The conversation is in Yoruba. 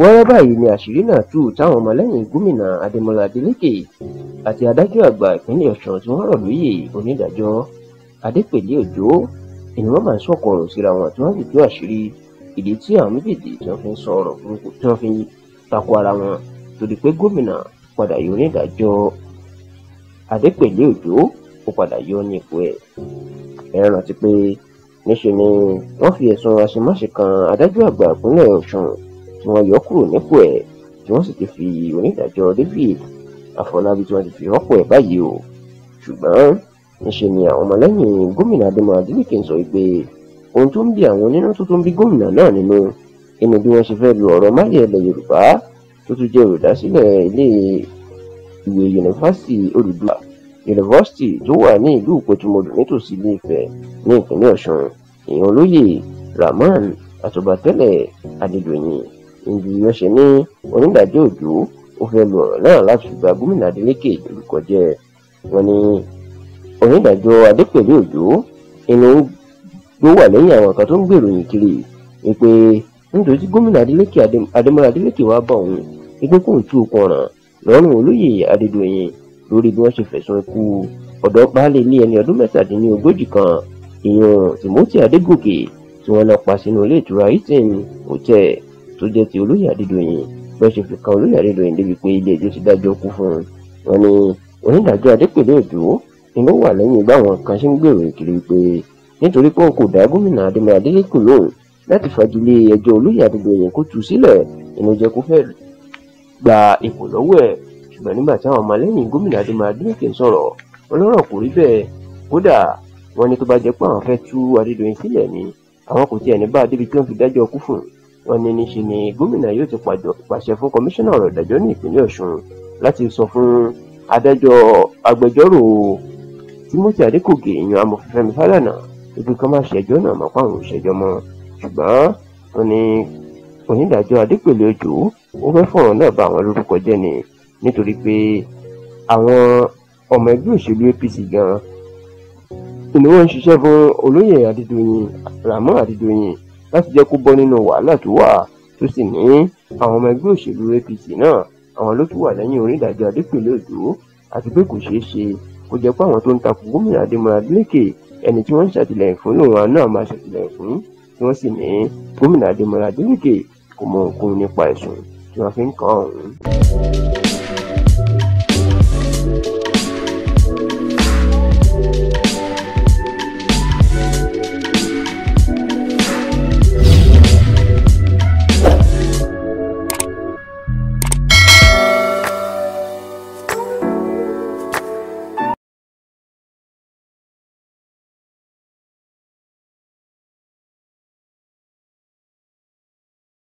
wẹ́rẹ́ báyìí ni àṣírí náà tú táwọn ọmọlẹ́yìn gómìnà adémọlá adélèké àti adájọ́ àgbà ìpínlẹ̀ ọ̀ṣun tí wọ́n rọ̀ lóyè onídàájọ́ adépèlé òjó ni wọ́n máa ń sọ̀kò ọ̀rọ̀ síra wọn tí wọ́n sì tú àṣírí ìdí tí àwọn méjèèjì tí wọ́n fi ń sọ ọ̀rọ̀ burúkú tí wọ́n fi ń tako ara wọn torí pé gómìnà padà yọ onídàájọ́ adépèlé òjó ó padà yọ ní ipò ẹ̀ ẹ rántí pé níṣẹ́ ni wọ́n fi ẹ̀sùn àṣemáṣe kan adájọ́ àgbà ìpínlẹ̀ Ọ̀ṣun tí wọ́n yọ kúrò nípò ẹ̀ tí wọ́n sì ti fi onídàájọ́ David Afọlábí tí wọ́n ti fi rọ́pò ẹ̀ báyìí o ṣùgbọ́n níṣẹ́ ni àwọn ọmọlẹ́yìn gómìnà Adémọ Adélèké ń sọ pé ohun tó ń bí àwọn nínú tó tó ń bí gómìnà náà nínú inú bí wọ́n ṣe fẹ́ lu ọ̀rọ̀ máyẹ̀ ilẹ̀ Yorùbá tó tún jẹ́ olùdásílẹ̀ ilé ìwé yunifásitì Odùduwà yunifásitì tó wà ní ìlú Ìpótìmọdù nítòsí Ilé-Ifẹ̀ ní ìpínlẹ̀ Ọ̀ṣun ìyẹn olóyè Rahmon àtọ̀bàtẹ́lẹ̀ Adédọ̀yìn níbi wọ́n ṣe ní onídàájọ́ Òjó ó fẹ́ lu ọ̀rọ̀ náà láti fi gba gómìnà Adeleke lórúkọjẹ́ wọ́n ní onídàájọ́ Adépẹ̀lẹ́ Òjó inú ló wà lẹ́yìn àwọn kan tó ń gbèròyìn kiri wípé nítorí tí gómìnà Adeleke Adémọ́lá Adeleke wàá bá òun wípé kóun tú okun ọ̀ràn lọ́rùn olóyè Adédọ̀yìn lórí bí wọ́n ṣe fẹ̀sùn ikú ọ̀dọ́ baálé ilé ẹni ọdún mẹ́tàdínlógójì kan ìyẹn Timothy Adégòkè tí wọ́n lọ pa sínú ilé ìtura Hilton hotel tó jẹ́ ti olóyè Adédoyin bẹ́ẹ̀ ṣe fi kan olóyè Adédoyin débi pé ilé ẹjọ́ ti dájọ́ kú fún un wọ́n ni onídàájọ́ Adépèlé Òjó inú wà lẹ́yìn báwọn kan ṣe ń gbèrò kiri pé nítorí pé òun kò dá gómìnà Adémọ́lá Adélékè lóhùn láti fagilé ẹjọ́ olóyè Adédoyin kó tú sílẹ̀ inú jẹ́ kó fẹ́ẹ́ gba ipò lọ́wọ́ ẹ̀ ṣùgbọ́n nígbà táwọn ọmọlẹ́yìn gómìnà Adémọ́lá Adélékè sọ̀rọ̀ ọlọ́rọ̀ kò rí bẹ́ẹ̀ kódà wọ́n ní tó bá jẹ́ pé àwọn fẹ́ tú Adédoyin sílẹ̀ ni àwọn kò tiẹ̀ ní bá débi tí wọ́n fi dájọ́ ikú fún wọn ní níṣe ni gómìnà yóò ti pàṣẹ fún kọmíṣánná ọ̀rọ̀ ìdájọ́ ní ìpínlẹ̀ Ọ̀ṣun láti sọ fún adájọ́ agbẹjọ́rò Timothy Adékògè èèyàn amòfin Fẹ́mi Fálànà ibi kan máa ṣẹjọ́ náà mọ pàwọn òṣèjọ mọ ṣùgbọ́n wọ́n ní onídàájọ́ Adépèlé Òjó ó fẹ́ fọ̀rọ̀ náà bà àwọn lórúkọ jẹ́ ni nítorí pé àwọn ọmọ ẹgbẹ́ òṣèlú APC gan ni wọ́n ń ṣiṣẹ́ fún olóyè adédọ̀yìn ramon adédọ̀yìn láti jẹ́ kó bọ́ nínú wàhálà tó wà tó sì ní àwọn ọmọ ẹgbẹ́ òṣèlú apc náà àwọn ló tún wà lẹ́yìn onídàájọ́ adépínlẹ̀ odò àti pé kò ṣeé ṣe kó jẹ́ pé àwọn tó ń takò gómìnà adémọ́lá adélékè ẹni tí wọ́n ń ṣàtìlẹ́yìn fún lòun náà máa ṣàtìlẹ́yìn fún tí wọ́n sì ní gómìnà adémọ́lá adélékè kò mọ òkun nípa ẹ̀sùn tí wọ́n fi ń kàn án.